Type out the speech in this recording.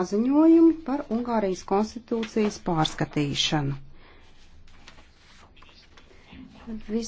paziņojumu par Ungārijas konstitūcijas pārskatīšanu. Vis